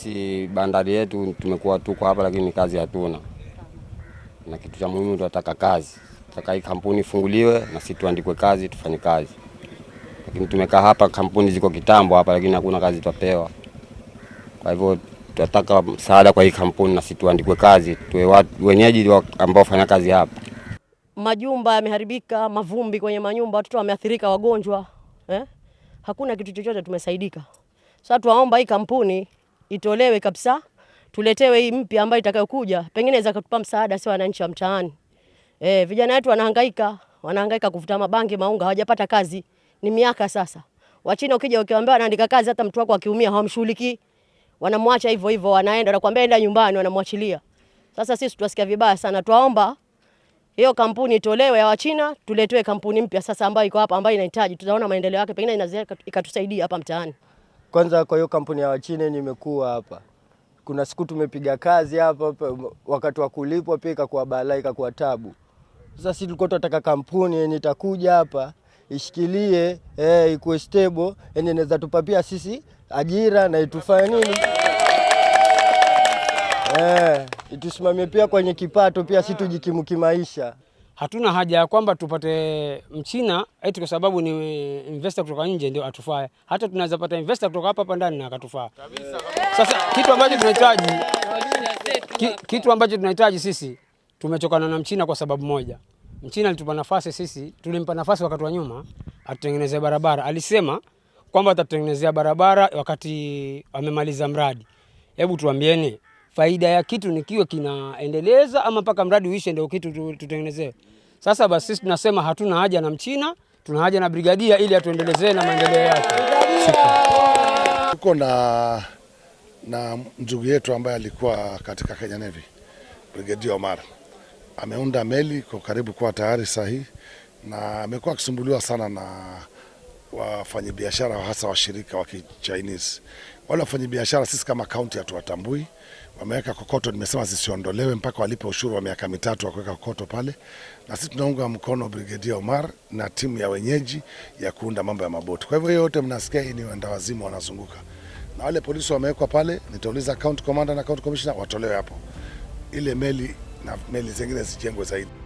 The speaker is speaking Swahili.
sisi bandari yetu tumekuwa tuko hapa, lakini kazi hatuna, na kitu cha muhimu tunataka kazi. Tunataka hii kampuni ifunguliwe na sisi tuandikwe kazi, tufanye kazi, lakini tumekaa hapa, kampuni ziko kitambo hapa, lakini hakuna kazi tupewa. Kwa hivyo tunataka msaada kwa hii kampuni na sisi tuandikwe kazi, tuwe wenyeji ambao fanya kazi hapa. Majumba yameharibika, mavumbi kwenye manyumba, watoto wameathirika, wagonjwa eh? Hakuna kitu chochote tumesaidika. Sasa tuwaomba hii kampuni itolewe kabisa, tuletewe hii mpya ambayo itakayokuja, pengine inaweza kutupa msaada sio wananchi wa mtaani. Eh, vijana wetu wanahangaika, wanahangaika kuvuta mabangi, maunga, hawajapata kazi ni miaka sasa. Wachina ukija ukiwaambia wanaandika kazi, hata mtu wako akiumia hawamshughuliki, wanamwacha hivyo hivyo, wanaenda nakwambia, enda nyumbani, wanamwachilia. Sasa sisi tunasikia vibaya sana, twaomba hiyo kampuni itolewe ya Wachina, tuletewe kampuni mpya sasa ambayo iko hapa, ambayo inahitaji, tutaona maendeleo yake, pengine inaweza ikatusaidia hapa mtaani. Kwanza kwa hiyo kampuni ya Wachine nimekuwa hapa, kuna siku tumepiga kazi hapa, wakati wa kulipwa pia ikakuwa balaa, ikakuwa tabu. Sasa sisi tulikuwa tunataka kampuni yenye itakuja hapa ishikilie, eh, ikuwe stable, yenye inaweza tupa pia sisi ajira na itufanye nini, eh, itusimamie pia kwenye kipato, pia si tujikimu kimaisha hatuna haja ya kwamba tupate mchina eti kwa sababu ni investor kutoka nje ndio atufaa. Hata tunaweza pata investor kutoka hapa hapa ndani na akatufaa. Sasa kitu ambacho tunahitaji kitu ambacho tunahitaji sisi, tumechokana na mchina kwa sababu moja. Mchina alitupa nafasi sisi, tulimpa nafasi wakati wa nyuma atutengenezea barabara. Alisema kwamba atatutengenezea barabara wakati amemaliza mradi. Hebu tuambieni faida ya kitu ni kiwe kinaendeleza ama mpaka mradi uishe ndio kitu tutengenezewe. Sasa basi sisi tunasema hatuna haja na Mchina, tuna haja na brigadia ili atuendelezee na maendeleo yake. Tuko na na ndugu yetu ambaye alikuwa katika Kenya Navy, Brigadia Omar ameunda meli kwa karibu kuwa tayari sahihi, na amekuwa akisumbuliwa sana na wafanyabiashara hasa washirika wa Kichinese. Wale wafanyabiashara sisi kama kaunti hatuwatambui, wameweka kokoto, nimesema zisiondolewe mpaka walipe ushuru wa miaka mitatu wa kuweka kokoto pale, na sisi tunaunga mkono Brigedia Omar na timu ya wenyeji ya kuunda mambo ya maboti. Kwa hivyo yote mnasikia hii ni wenda wazimu wanazunguka, na wale polisi wamewekwa pale, nitauliza county commander na county commissioner watolewe hapo, ile meli na meli zingine zijengwe zaidi.